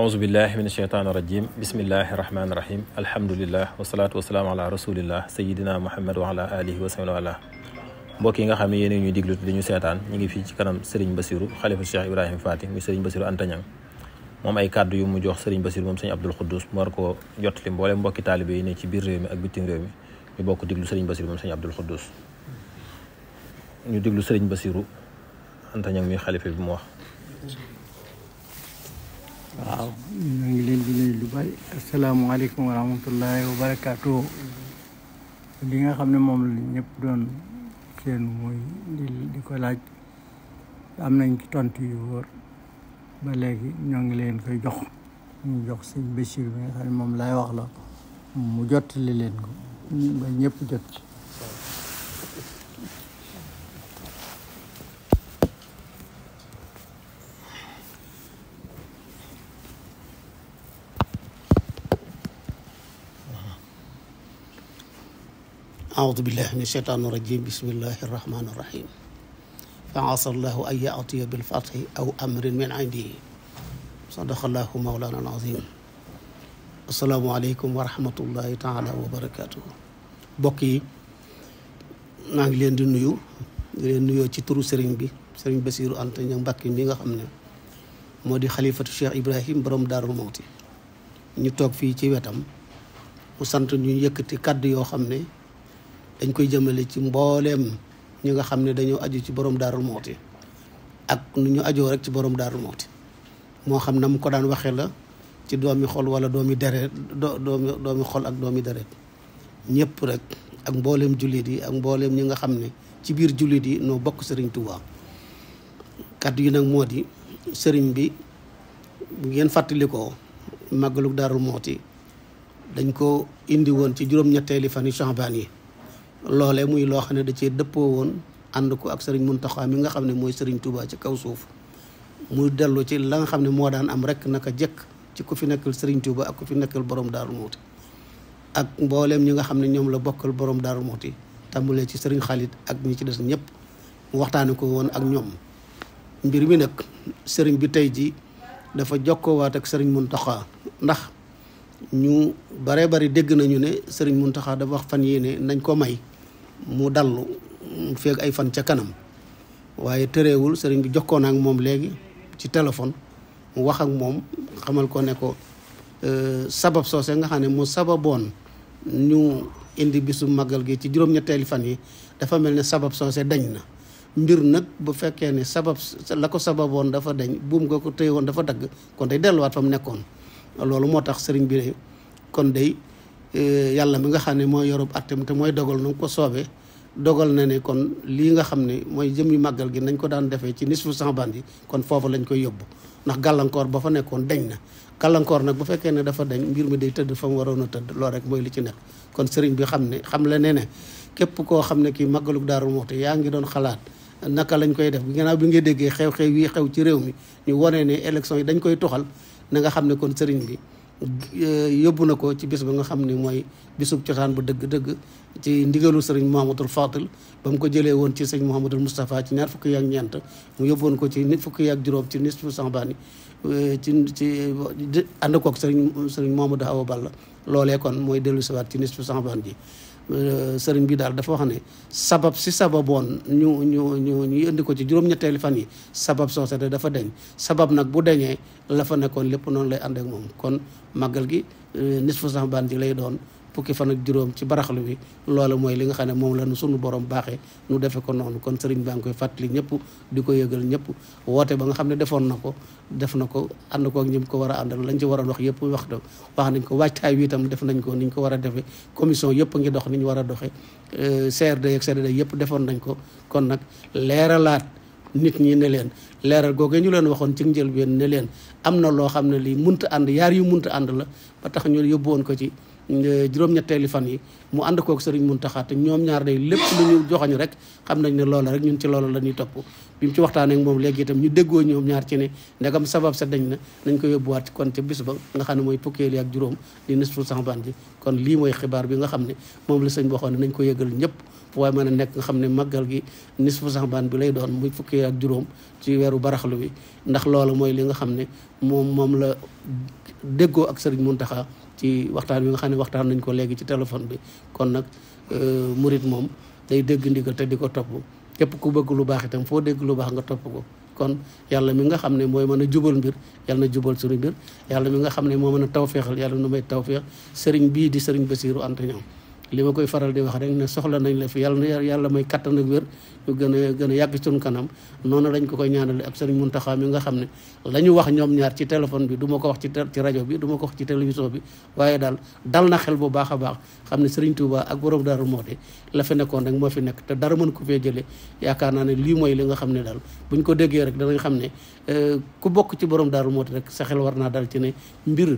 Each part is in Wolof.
aousubillah min asheytaan irajim bismillahi irahmani irahim alhamdulilah wasalatu wasalaamu ala rasulillah sayidina muhammad wa ala alihi wa sahbihi wala mbokk yi nga xam ne yéen ñuy diglu di ñu seetaan ñu ngi fii ci kanam Serigne Bassirou xalifa Cheikh Ibrahima Fati muy Serigne Anta Niang moom ay kàddu yu mu jox Serigne Bassirou moom Serigne Abdoul Khoudous mu war koo jottali mboole mbokki taalibe yi ne ci biir réew mi ak bitim réew mi ñu bokk diglu Serigne Bassirou moom ñu diglu Serigne Bassirou Anta muy xalifa bi mu wax waaw ñu ngi leen di nuyu lu bari asalaamaaleykum wa rahmatullahi wa barakaatu nga xam ne moom la ñëpp doon seen mooy di ko laaj am nañ ci tontu yu wor ba léegi ñoo ngi leen koy jox ñu jox sëñ Bachir bi nga xam ne moom lay wax la mu jottali leen ba ñëpp jot aoudu billahi min sheytaan irajim bismillahi irrahmani irrahim fa asa llahu an yi maa ngi leen di nuyu di leen nuyoo ci turu sëriñ bi sëriñ Basiiru Anta Ñaŋ Mbàkke mi nga xam ne moo di xalifatu Cheikh Ibrahim borom Daarul Mawti ñu toog fii ci wetam mu sant ñu yëkkati kàddu yoo xam ne dañ koy jëmale ci mbooleem ñi nga xam ne dañoo aju ci borom daarul moxti ak nu ñu ajoo rek ci borom daarul moxti moo xam na mu ko daan waxee la ci doomi xol wala doomi deret doomi doomi xol ak doomi deret ñëpp rek ak mbooleem jullit yi ak mbooleem ñi nga xam ne ci biir jullit yi noo bokk sëriñ Tuubaa kaddu yi nag moo di sëriñ bi bu ngeen fàttalikoo màggalug daarul moxti dañ ko indi woon ci juróom-ñetteeli fan yi Sha'baan yi loole muy loo xam ne da cee dëppoo woon ànd ko ak sëriñ Muntaxa mi nga xam ne mooy sëriñ Touba ci kaw suuf muy dellu ci la nga xam ne moo daan am rek naka jëkk ci ku fi nekkal sëriñ Touba ak ku fi nekkal boroom Daaru Muxti ak mbooleem ñi nga xam ne ñoom la bokkal boroom Daaru Muxti tàmbalee ci sëriñ xalit ak ñi ci des ñëpp mu waxtaane ko woon ak ñoom mbir mi nekk sëriñ bi tey ji dafa jokkoowaat ak sëriñ Muntaxa ndax ñu bare bari dégg nañu ne sëriñ Muntaxa wax fan yii nañ ko may mu dallu feeg ay fan ca kanam waaye tëreewul sëriñ bi jokkoon ak moom léegi ci téléphone mu wax ak moom xamal ko ne ko euh, sabab soose nga xam ne mu sababoon ñu indi bisu màggal gi ci juróom-ñetteeli fan yi dafa mel ne sabab soose dañ na mbir nag bu fekkee ne sabab la ko sababoon dafa deñ buum nga ko téye woon dafa dagg kon day delluwaat fa mu nekkoon loolu moo tax sëriñ bi kon day Eh, yàlla mi nga xam ne mooy yorub attam te mooy dogal nu ko soobee dogal na ne kon lii nga xam ne mooy jëmmi màggal gi nañ ko daan defee ci nisfu Saxbaan yi kon foofu lañ koy yóbbu ndax gàllankoor ba fa nekkoon deñ na gàllankoor nag bu fekkee ne dafa dañ mbir mi day tëdd fa mu waroon a tëdd loolu rek mooy li ci nekk kon sëriñ bi xam ne xam la ne ne képp koo xam ne kii màggalug Daaru Muxti yaa ngi doon xalaat naka lañ koy def ginnaaw bi nga déggee xew-xew yi xew ci réew mi ñu wane ne élection yi dañ koy toxal na nga xam ne kon sëriñ bi yóbbu na ko ci bis ba nga xam ni mooy bisub cosaan bu dëgg-dëgg ci ndigalu sëriñ Mouhamadul Fadil ba mu ko jëlee woon ci sëñ Mouhamadul mustafaa ci ñaar fukki ak ñeent mu yóbbuwoon ko ci nit fukki ak juróom ci nisfu sanbaani euh, ci ci ànd koog sëriñ sëriñ Mouhamadou Awa Balla loolee kon mooy dellu siwaat ci nisfu sanbaan ji Euh, sëriñ bi daal dafa wax ne sabab si sababoon ñu ñu ñu ñu indi ko ci juróom-ñetteeli fan yi sabab soo de dafa deñ sabab nag bu deñee la fa nekkoon lépp noonu lay ànd ak moom kon màggal gi euh, nisfu sax baan ji lay doon fukki fan ak juróom ne moom la nu sunu borom baaxee nu ko noonu kon sëriñ baa ngi ko ba nga xam ne defoon na ko def na ko ànd ko ak ñim ko war a àndal lañ ci waroon wax yëpp wax do wax nañ ko waajtaay wi itam def nañ ko niñ ko war a defee commission yëpp ngi dox ni ñu war a doxe euh, CRD ak yëpp defoon nañ ko kon nag leeralaat nit ñi ne leen leeral googu ñu leen waxoon ci njëlbeen ne leen am na loo xam ne li munta ànd yaar yu munta ànd la ba tax ñu yóbbu woon ko ci Eh, juróom-ñetteeli fan yi mu ànd kook sëriñ Muntaxa te ñoom ñaar day lépp lu ñu joxoñ rek xam nañ ne loola rek ñun ci loola la ñuy topp bi mu ci waxtaan ak moom léegi itam ñu déggoo ñoom ñaar ci ne ndegam sabab sa dañ na nañ ko yóbbuwaat kon ca bis ba nga xam ne mooy fukkeel yi ak juróom di nisfu Saxbaan ji kon lii mooy xibaar bi nga xam ne moom la sëñ bi waxoon ne nañ ko yëgal ñëpp fu waaye mën a nekk nga xam ne màggal gi nisfu Saxbaan bi lay doon muy fukkeel ak juróom ci weeru baraxlu bi ndax loola mooy li nga xam ne moom moom la déggoo ak sëriñ Muntaxa ci waxtaan bi nga xam ne waxtaan nañ ko léegi ci téléphone bi kon nag euh, murit moom day dégg ndigal te di ko topp képp ku bëgg lu baax itam foo dégg lu baax nga topp ko kon yàlla mi nga xam ne mooy mën a jubal mbir yàlla na jubal suñu mbir yàlla mi nga xam ne moo mën a tawféexal yàlla nu may tawféex sëriñ bii di sëriñ Basiiru Anta ñoom li ma koy faral di wax rek ne soxla nañ la fi yàlla na yàlla may kattan ak wér ñu gën a gën a yàgg ci kanam noonu lañ ko koy ñaanale ak sëriñ taxaam mi nga xam ne la ñu wax ñoom ñaar ci téléphone bi duma ko wax ci ci rajo bi du ko wax ci télévision bi waaye daal dal na xel bu baax a baax xam ne sëriñ Touba ak borom Daaru Muxti la fi nekkoon rek moo fi nekk te dara mën ko fee jëlee yaakaar naa ne lii mooy li nga xam ne daal buñ ko déggee rek danañ xam ne euh, ku bokk ci borom Daaru Muxti rek sa war naa dal ci ne mbir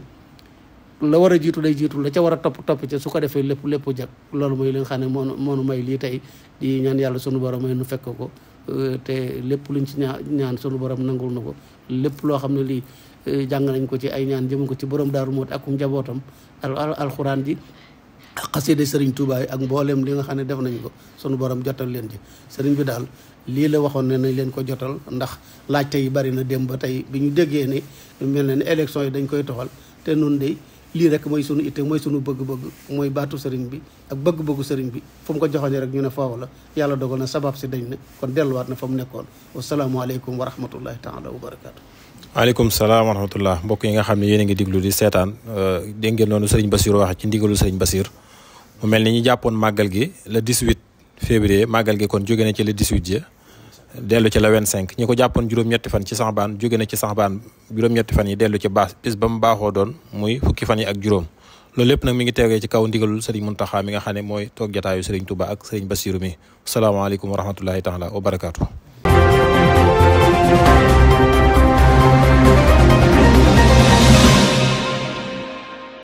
la war a jiitu lay jiitu la ca war a topp topp ca su ko defee lépp lépp jag loolu mooy li nga xam ne moonu moonu may lii tey di ñaan yàlla sunu borom may nu fekk ko euh, te lépp luñ ci ñaa ñaan sunu borom nangul na ko lépp loo xam ne lii euh, jàng nañ ko ci ay ñaan jëmu ko ci borom daaru moot ak njabootam al alxuraan ji xasida sëriñ Tuubaa ak mbooleem li nga xam ne def nañ ko sunu borom jotal leen ji sëriñ bi daal lii la waxoon ne nañ leen ko jotal ndax laajte yi bari na dem ba tey bi ñu déggee ni mel na ne élection yi dañ koy toxal te nun de lii rek mooy sunu itte mooy sunu bëgg-bëgg mooy baatu sëriñ bi ak bëgg-bëggu sëriñ bi fu mu ko joxoñe rek ñu ne foofu la yàlla dogal na sabab si dañ ne kon delluwaat na fa mu nekkoon wasalaamualeykum wa rahmatullahi taala wa barakaatu aleykum salaam wa rahmatullah mbokk yi nga xam ne yéen a ngi diglu di seetaan euh, dégg ngeen noonu sëriñ Basir waxe ci ndigalu sëriñ Basir mu mel ni ñu jàppoon màggal gi le 18 février màggal gi kon jóge na ci le 18 dellu ci la 25 ñi ko jàppoon juróom-ñetti fan ci saxbaan jóge na ci saxbaan juróom-ñetti fan yi dellu ci baas bis ba mu baaxoo doon muy fukki fan yi ak juróom loolu lépp nag mi ngi teegee ci kaw ndigalul sëriñ Muntaxa mi nga xam ne mooy toog jataayu sëriñ ak sëriñ Basiru mi salaamaaleykum wa rahmatullahi taala wa barakaatu.